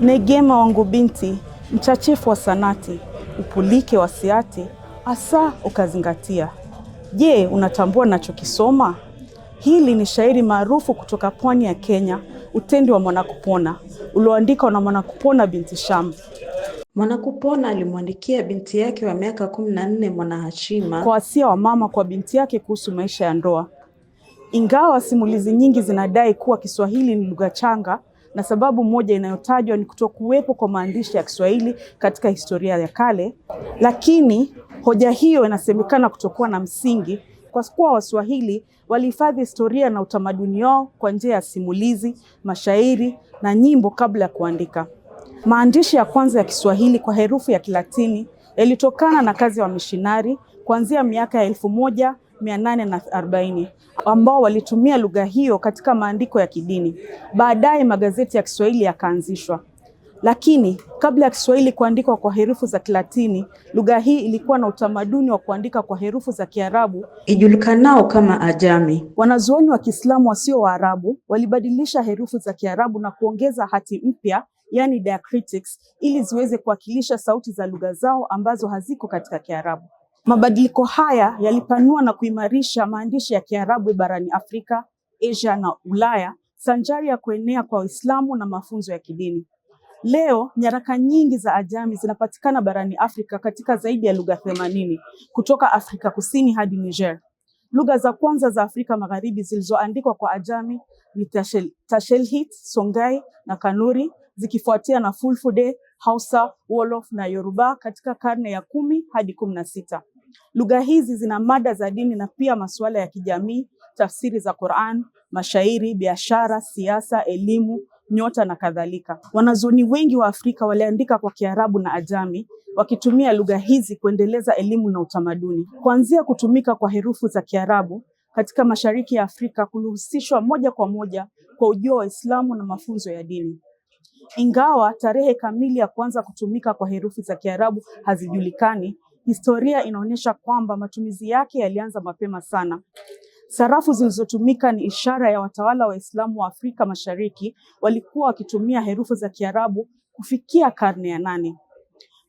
Negema wangu binti, mchachefu wa sanati, upulike wa siati, hasa ukazingatia. Je, unatambua nachokisoma? Hili ni shairi maarufu kutoka pwani ya Kenya, utendi wa Mwanakupona ulioandikwa na Mwanakupona binti Sham. Mwanakupona alimwandikia binti yake wa miaka kumi na nne Mwanahashima kwa wasia wa mama kwa binti yake kuhusu maisha ya ndoa. Ingawa simulizi nyingi zinadai kuwa Kiswahili ni lugha changa na sababu moja inayotajwa ni kutokuwepo kwa maandishi ya Kiswahili katika historia ya kale, lakini hoja hiyo inasemekana kutokuwa na msingi kwa kuwa Waswahili walihifadhi historia na utamaduni wao kwa njia ya simulizi, mashairi na nyimbo kabla ya kuandika. Maandishi ya kwanza ya Kiswahili kwa herufi ya Kilatini yalitokana na kazi ya wa wamishinari kuanzia miaka ya elfu moja 840 ambao walitumia lugha hiyo katika maandiko ya kidini. Baadaye magazeti ya Kiswahili yakaanzishwa, lakini kabla ya Kiswahili kuandikwa kwa herufi za Kilatini, lugha hii ilikuwa na utamaduni wa kuandika kwa herufi za Kiarabu ijulikanao kama Ajami. Wanazuoni wa Kiislamu wasio Waarabu walibadilisha herufi za Kiarabu na kuongeza hati mpya yani diacritics ili ziweze kuwakilisha sauti za lugha zao ambazo haziko katika Kiarabu. Mabadiliko haya yalipanua na kuimarisha maandishi ya Kiarabu barani Afrika, Asia na Ulaya, sanjari ya kuenea kwa Uislamu na mafunzo ya kidini. Leo nyaraka nyingi za Ajami zinapatikana barani Afrika katika zaidi ya lugha themanini kutoka Afrika Kusini hadi Niger. Lugha za kwanza za Afrika Magharibi zilizoandikwa kwa Ajami ni Tashel, Tashelhit, Songhai na Kanuri zikifuatia na Fulfulde, Hausa, Wolof na Yoruba katika karne ya kumi hadi kumi na sita. Lugha hizi zina mada za dini na pia masuala ya kijamii, tafsiri za Qur'an, mashairi, biashara, siasa, elimu, nyota na kadhalika. Wanazuoni wengi wa Afrika waliandika kwa Kiarabu na Ajami wakitumia lugha hizi kuendeleza elimu na utamaduni. Kuanzia kutumika kwa herufi za Kiarabu katika Mashariki ya Afrika kulihusishwa moja kwa moja kwa ujio wa Uislamu na mafunzo ya dini. Ingawa tarehe kamili ya kuanza kutumika kwa herufi za Kiarabu hazijulikani, historia inaonyesha kwamba matumizi yake yalianza mapema sana. Sarafu zilizotumika ni ishara ya watawala Waislamu wa Afrika Mashariki walikuwa wakitumia herufi za Kiarabu kufikia karne ya nane.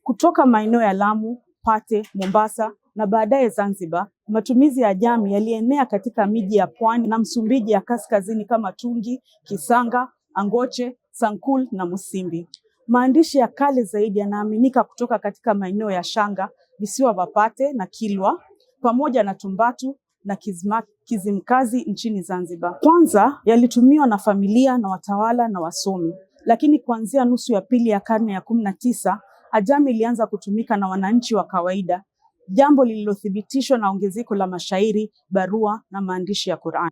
Kutoka maeneo ya Lamu, Pate, Mombasa na baadaye Zanzibar, matumizi ya jami yalienea katika miji ya pwani na Msumbiji ya kaskazini kama Tungi, Kisanga, Angoche, Sankul na Musimbi. Maandishi ya kale zaidi yanaaminika kutoka katika maeneo ya Shanga visiwa vya Pate na Kilwa pamoja na Tumbatu na Kizma, Kizimkazi nchini Zanzibar. Kwanza yalitumiwa na familia na watawala na wasomi, lakini kuanzia nusu ya pili ya karne ya kumi na tisa Ajami ilianza kutumika na wananchi wa kawaida, jambo lililothibitishwa na ongezeko la mashairi, barua na maandishi ya Qur'an.